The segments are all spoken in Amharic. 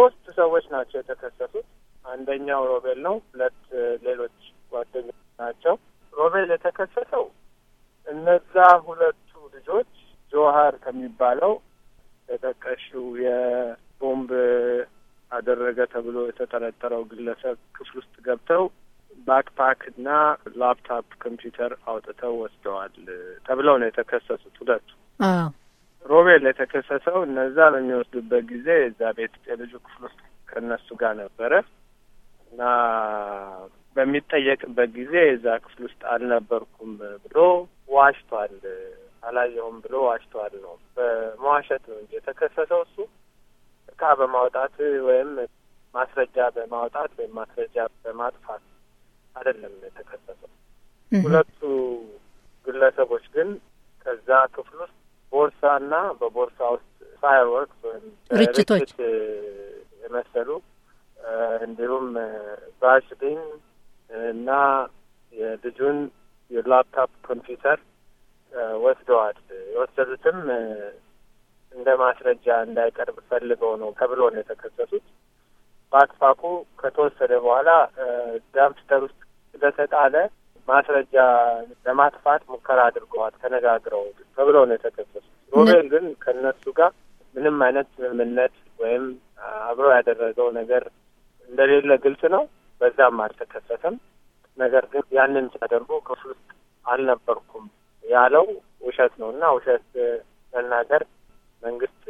ሶስት ሰዎች ናቸው የተከሰሱት። አንደኛው ሮቤል ነው። ሁለት ሌሎች ጓደኞች ናቸው። ሮቤል የተከሰሰው እነዛ ሁለቱ ልጆች ጆሀር ከሚባለው የጠቀሽው የቦምብ አደረገ ተብሎ የተጠረጠረው ግለሰብ ክፍል ውስጥ ገብተው ባክፓክ እና ላፕታፕ ኮምፒውተር አውጥተው ወስደዋል ተብለው ነው የተከሰሱት ሁለቱ። ሮቤል የተከሰሰው እነዛ በሚወስዱበት ጊዜ እዛ ቤት የልጁ ክፍል ውስጥ ከእነሱ ጋር ነበረ እና በሚጠየቅበት ጊዜ እዛ ክፍል ውስጥ አልነበርኩም ብሎ ዋሽቷል። አላየሁም ብሎ ዋሽቷል ነው። በመዋሸት ነው እንጂ የተከሰሰው እሱ እቃ በማውጣት ወይም ማስረጃ በማውጣት ወይም ማስረጃ በማጥፋት አይደለም የተከሰሰው። ሁለቱ ግለሰቦች ግን ከዛ ክፍል ውስጥ ቦርሳና በቦርሳ ውስጥ ፋየርወርክ ወይም uh, ርችቶች uh, የመሰሉ uh, እንዲሁም ባሽቢን እና የልጁን የላፕታፕ ኮምፒውተር ወስደዋል። የወሰዱትም እንደ ማስረጃ እንዳይቀርብ ፈልገው ነው ተብሎ ነው የተከሰሱት። ባትፋቁ ከተወሰደ በኋላ ዳምፕስተር ውስጥ ስለተጣለ ማስረጃ ለማጥፋት ሙከራ አድርገዋል ተነጋግረው ተብለው ነው የተከሰሱት። ሮቤል ግን ከነሱ ጋር ምንም አይነት ስምምነት ወይም አብሮ ያደረገው ነገር እንደሌለ ግልጽ ነው። በዛም አልተከሰተም። ነገር ግን ያንን ሲያደርጉ ክፍል ውስጥ አልነበርኩም ያለው ውሸት ነው እና ውሸት መናገር መንግስት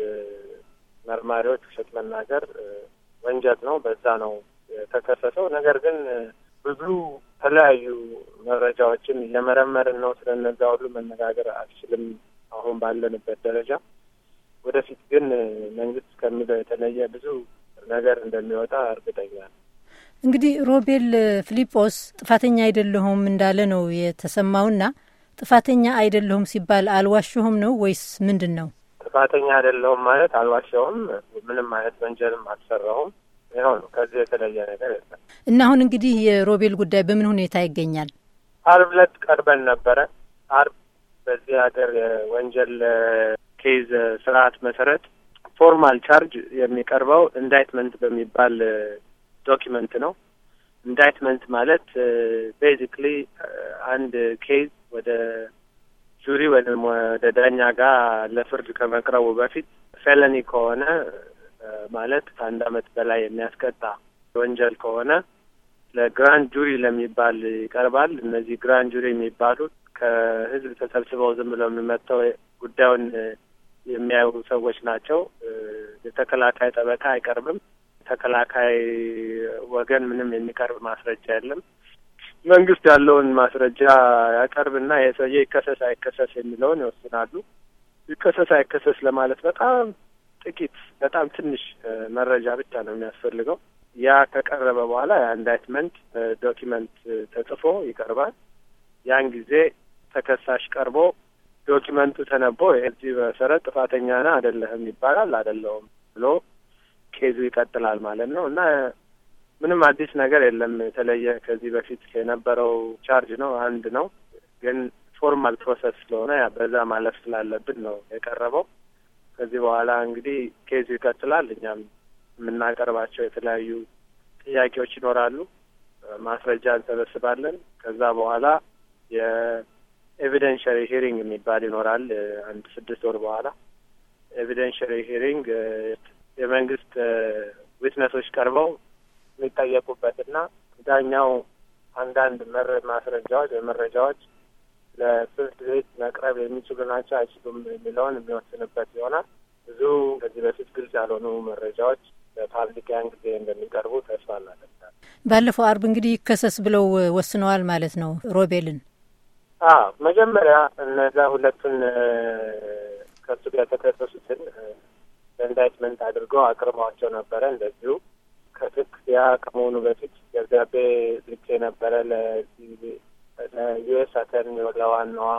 መርማሪዎች ውሸት መናገር ወንጀል ነው። በዛ ነው የተከሰሰው። ነገር ግን ብዙ ተለያዩ መረጃዎችን ለመረመር ነው። ስለነዛ ሁሉ መነጋገር አልችልም አሁን ባለንበት ደረጃ። ወደፊት ግን መንግስት ከሚለው የተለየ ብዙ ነገር እንደሚወጣ እርግጠኛ ነው። እንግዲህ ሮቤል ፊሊጶስ ጥፋተኛ አይደለሁም እንዳለ ነው የተሰማውና ጥፋተኛ አይደለሁም ሲባል አልዋሸሁም ነው ወይስ ምንድን ነው? ጥፋተኛ አይደለሁም ማለት አልዋሸሁም፣ ምንም አይነት ወንጀልም አልሰራሁም። ይኸው ነው። ከዚህ የተለየ ነገር የለም። እና አሁን እንግዲህ የሮቤል ጉዳይ በምን ሁኔታ ይገኛል? አርብ ዕለት ቀርበን ነበረ። አርብ በዚህ ሀገር የወንጀል ኬዝ ስርዓት መሰረት ፎርማል ቻርጅ የሚቀርበው ኢንዳይትመንት በሚባል ዶኪመንት ነው። ኢንዳይትመንት ማለት ቤዚክሊ አንድ ኬዝ ወደ ጁሪ ወይም ወደ ዳኛ ጋር ለፍርድ ከመቅረቡ በፊት ፌለኒ ከሆነ ማለት ከአንድ አመት በላይ የሚያስቀጣ ወንጀል ከሆነ ለግራንድ ጁሪ ለሚባል ይቀርባል። እነዚህ ግራንድ ጁሪ የሚባሉት ከህዝብ ተሰብስበው ዝም ብለው የሚመጥተው ጉዳዩን የሚያዩ ሰዎች ናቸው። የተከላካይ ጠበቃ አይቀርብም። ተከላካይ ወገን ምንም የሚቀርብ ማስረጃ የለም። መንግስት ያለውን ማስረጃ ያቀርብና የሰውዬ ይከሰስ አይከሰስ የሚለውን ይወስናሉ። ይከሰስ አይከሰስ ለማለት በጣም ጥቂት በጣም ትንሽ መረጃ ብቻ ነው የሚያስፈልገው። ያ ከቀረበ በኋላ የኢንዳይትመንት ዶኪመንት uh, uh, ተጽፎ ይቀርባል። ያን ጊዜ ተከሳሽ ቀርቦ ዶኪመንቱ ተነቦ የዚህ መሰረት ጥፋተኛ ነህ አይደለህም ይባላል። አይደለሁም ብሎ ኬዙ ይቀጥላል ማለት ነው እና ምንም አዲስ ነገር የለም የተለየ ከዚህ በፊት የነበረው ቻርጅ ነው አንድ ነው ግን ፎርማል ፕሮሰስ ስለሆነ በዛ ማለፍ ስላለብን ነው የቀረበው። ከዚህ በኋላ እንግዲህ ኬዙ ይቀጥላል እኛም የምናቀርባቸው የተለያዩ ጥያቄዎች ይኖራሉ። ማስረጃ እንሰበስባለን። ከዛ በኋላ የኤቪደንሽሪ ሂሪንግ የሚባል ይኖራል። አንድ ስድስት ወር በኋላ ኤቪደንሽሪ ሂሪንግ የመንግስት ዊትነሶች ቀርበው የሚጠየቁበትና ዳኛው አንዳንድ መረ ማስረጃዎች ወይ መረጃዎች ለፍርድ ቤት መቅረብ የሚችሉ ናቸው አይችሉም የሚለውን የሚወስንበት ይሆናል። ብዙ ከዚህ በፊት ግልጽ ያልሆኑ መረጃዎች ፓብሊክ ያን ጊዜ እንደሚቀርቡ ተስፋ እናደርጋለን። ባለፈው አርብ እንግዲህ ይከሰስ ብለው ወስነዋል ማለት ነው ሮቤልን። አዎ መጀመሪያ እነዛ ሁለቱን ከሱ ጋር የተከሰሱትን ኢንዳይትመንት አድርገው አቅርበዋቸው ነበረ። እንደዚሁ ከትክ ያ ከመሆኑ በፊት ደብዳቤ ልኬ ነበረ ለዩኤስ አተርኒ ለዋናዋ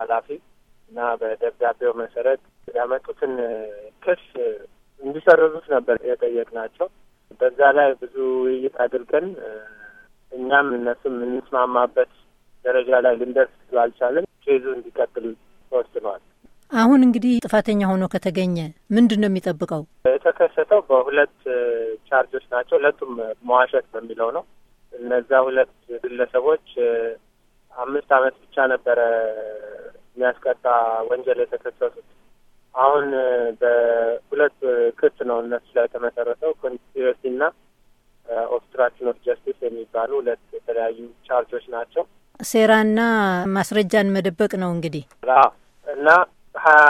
ኃላፊ እና በደብዳቤው መሰረት ያመጡትን ክስ እንዲሰርዙት ነበር የጠየቅናቸው። በዛ ላይ ብዙ ውይይት አድርገን እኛም እነሱም የምንስማማበት ደረጃ ላይ ልንደርስ ስላልቻለን ኬዙ እንዲቀጥል ተወስኗል። አሁን እንግዲህ ጥፋተኛ ሆኖ ከተገኘ ምንድን ነው የሚጠብቀው? የተከሰተው በሁለት ቻርጆች ናቸው። ሁለቱም መዋሸት በሚለው ነው። እነዛ ሁለት ግለሰቦች አምስት ዓመት ብቻ ነበረ የሚያስቀጣ ወንጀል የተከሰሱት። አሁን በሁለት ክስ ነው እነሱ ላይ የተመሰረተው ኮንስፒረሲ እና ኦብስትራክሽን ኦፍ ጀስቲስ የሚባሉ ሁለት የተለያዩ ቻርጆች ናቸው። ሴራና ማስረጃን መደበቅ ነው እንግዲህ እና ሀያ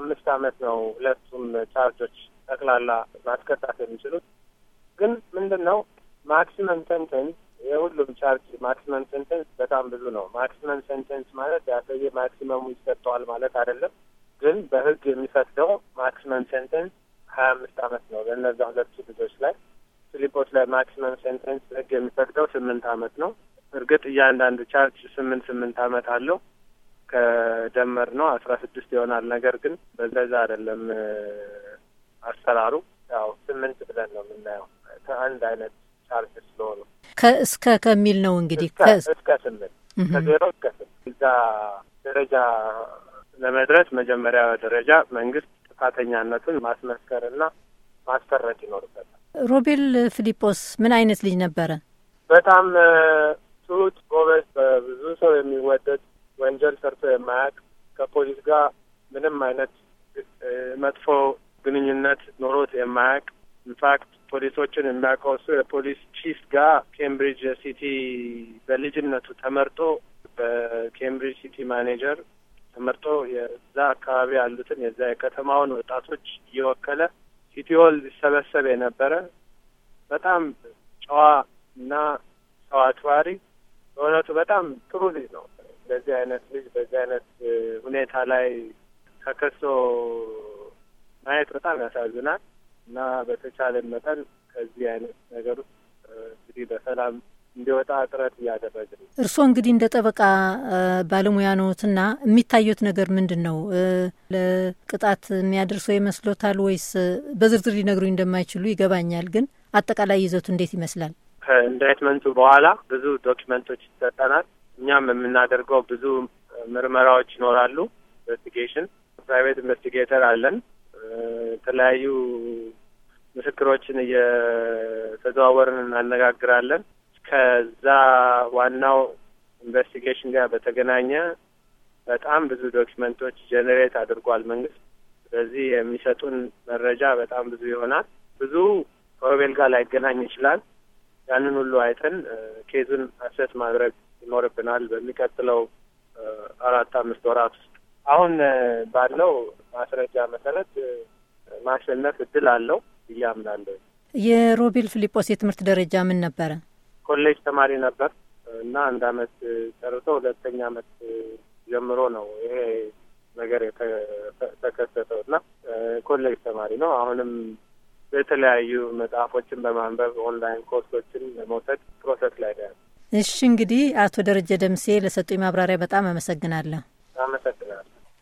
አምስት አመት ነው ሁለቱም ቻርጆች ጠቅላላ ማስቀጣት የሚችሉት። ግን ምንድን ነው ማክሲመም ሰንተንስ የሁሉም ቻርጅ ማክሲመም ሰንተንስ በጣም ብዙ ነው። ማክሲመም ሰንተንስ ማለት ያሰየ ማክሲመሙ ይሰጠዋል ማለት አይደለም። ግን በህግ የሚፈቅደው ማክሲመም ሴንተንስ ሀያ አምስት አመት ነው ለእነዛ ሁለቱ ልጆች ላይ ፊሊፖች ላይ ማክሲመም ሴንተንስ ህግ የሚፈቅደው ስምንት አመት ነው። እርግጥ እያንዳንዱ ቻርጅ ስምንት ስምንት አመት አለው ከደመር ነው አስራ ስድስት ይሆናል። ነገር ግን በዛ አይደለም አሰራሩ ያው ስምንት ብለን ነው የምናየው ከአንድ አይነት ቻርጅ ስለሆኑ ከእስከ ከሚል ነው እንግዲህ እስከ ስምንት ከዜሮ እስከ ስምንት እዛ ደረጃ ለመድረስ መጀመሪያ ደረጃ መንግስት ጥፋተኛነቱን ማስመስከርና ማስፈረድ ይኖርበታል። ሮቤል ፊሊጶስ ምን አይነት ልጅ ነበረ? በጣም ትሁት፣ ጎበዝ፣ በብዙ ሰው የሚወደድ ወንጀል ሰርቶ የማያውቅ ከፖሊስ ጋር ምንም አይነት መጥፎ ግንኙነት ኖሮት የማያውቅ ኢንፋክት ፖሊሶችን የሚያውቀው እሱ የፖሊስ ቺፍ ጋር ኬምብሪጅ ሲቲ በልጅነቱ ተመርጦ በኬምብሪጅ ሲቲ ማኔጀር ተመርጦ የዛ አካባቢ ያሉትን የዛ የከተማውን ወጣቶች እየወከለ ሲቲሆል ሊሰበሰብ የነበረ በጣም ጨዋ እና ሰው አክባሪ በእውነቱ በጣም ጥሩ ልጅ ነው። በዚህ አይነት ልጅ በዚህ አይነት ሁኔታ ላይ ተከሶ ማየት በጣም ያሳዝናል እና በተቻለን መጠን ከዚህ አይነት ነገር ውስጥ እንግዲህ በሰላም እንዲወጣ ጥረት ነው። እርስዎ እንግዲህ እንደ ጠበቃ ባለሙያ ነዎትና የሚታዩት ነገር ምንድን ነው? ለቅጣት የሚያደርሰው ይመስሎታል ወይስ? በዝርዝር ሊነግሩኝ እንደማይችሉ ይገባኛል፣ ግን አጠቃላይ ይዘቱ እንዴት ይመስላል? ከኢንዳይትመንቱ በኋላ ብዙ ዶኪመንቶች ይሰጠናል። እኛም የምናደርገው ብዙ ምርመራዎች ይኖራሉ። ኢንቨስቲጌሽን ፕራይቬት ኢንቨስቲጌተር አለን። የተለያዩ ምስክሮችን እየተዘዋወርን እናነጋግራለን። ከዛ ዋናው ኢንቨስቲጌሽን ጋር በተገናኘ በጣም ብዙ ዶኪመንቶች ጀኔሬት አድርጓል መንግስት። ስለዚህ የሚሰጡን መረጃ በጣም ብዙ ይሆናል። ብዙ ኮሮቤል ጋር ላይገናኝ ይችላል። ያንን ሁሉ አይተን ኬዙን አሰት ማድረግ ይኖርብናል በሚቀጥለው አራት አምስት ወራት ውስጥ። አሁን ባለው ማስረጃ መሰረት ማሸነፍ እድል አለው ብዬ አምናለሁ። የሮቤል ፊሊጶስ የትምህርት ደረጃ ምን ነበረ? ኮሌጅ ተማሪ ነበር እና አንድ አመት ጨርሶ ሁለተኛ አመት ጀምሮ ነው ይሄ ነገር የተከሰተው እና ኮሌጅ ተማሪ ነው። አሁንም የተለያዩ መጽሐፎችን በማንበብ ኦንላይን ኮርሶችን ለመውሰድ ፕሮሰስ ላይ ነው። እሺ እንግዲህ አቶ ደረጀ ደምሴ ለሰጡኝ ማብራሪያ በጣም አመሰግናለሁ። አመሰግናለሁ።